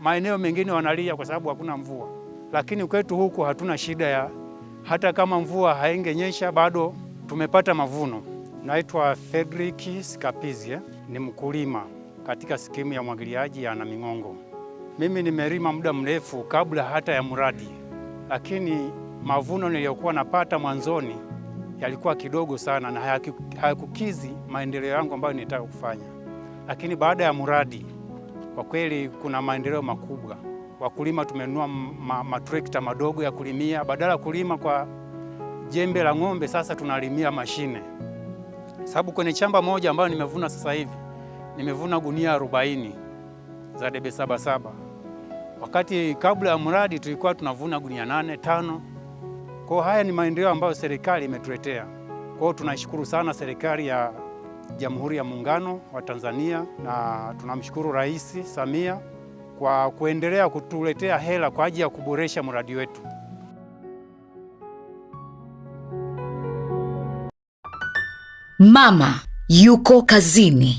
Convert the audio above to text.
Maeneo mengine wanalia kwa sababu hakuna mvua, lakini kwetu huku hatuna shida ya hata kama mvua haingenyesha bado tumepata mavuno. Naitwa Fredrick Skapizie, eh? ni mkulima katika skimu ya umwagiliaji ya Naming'ongo. Mimi nimelima muda mrefu kabla hata ya mradi, lakini mavuno niliyokuwa napata mwanzoni yalikuwa kidogo sana na hayakukizi maendeleo yangu ambayo nilitaka kufanya, lakini baada ya mradi kwa kweli kuna maendeleo makubwa. Wakulima tumenunua ma matrekta madogo ya kulimia, badala ya kulima kwa jembe la ng'ombe, sasa tunalimia mashine. Sababu kwenye shamba moja ambayo nimevuna sasa hivi nimevuna gunia 40 za debe saba saba, wakati kabla ya mradi tulikuwa tunavuna gunia nane tano. Kwa haya ni maendeleo ambayo serikali imetuletea. Kwa hiyo tunashukuru sana serikali ya Jamhuri ya Muungano wa Tanzania, na tunamshukuru Rais Samia kwa kuendelea kutuletea hela kwa ajili ya kuboresha mradi wetu. Mama yuko kazini.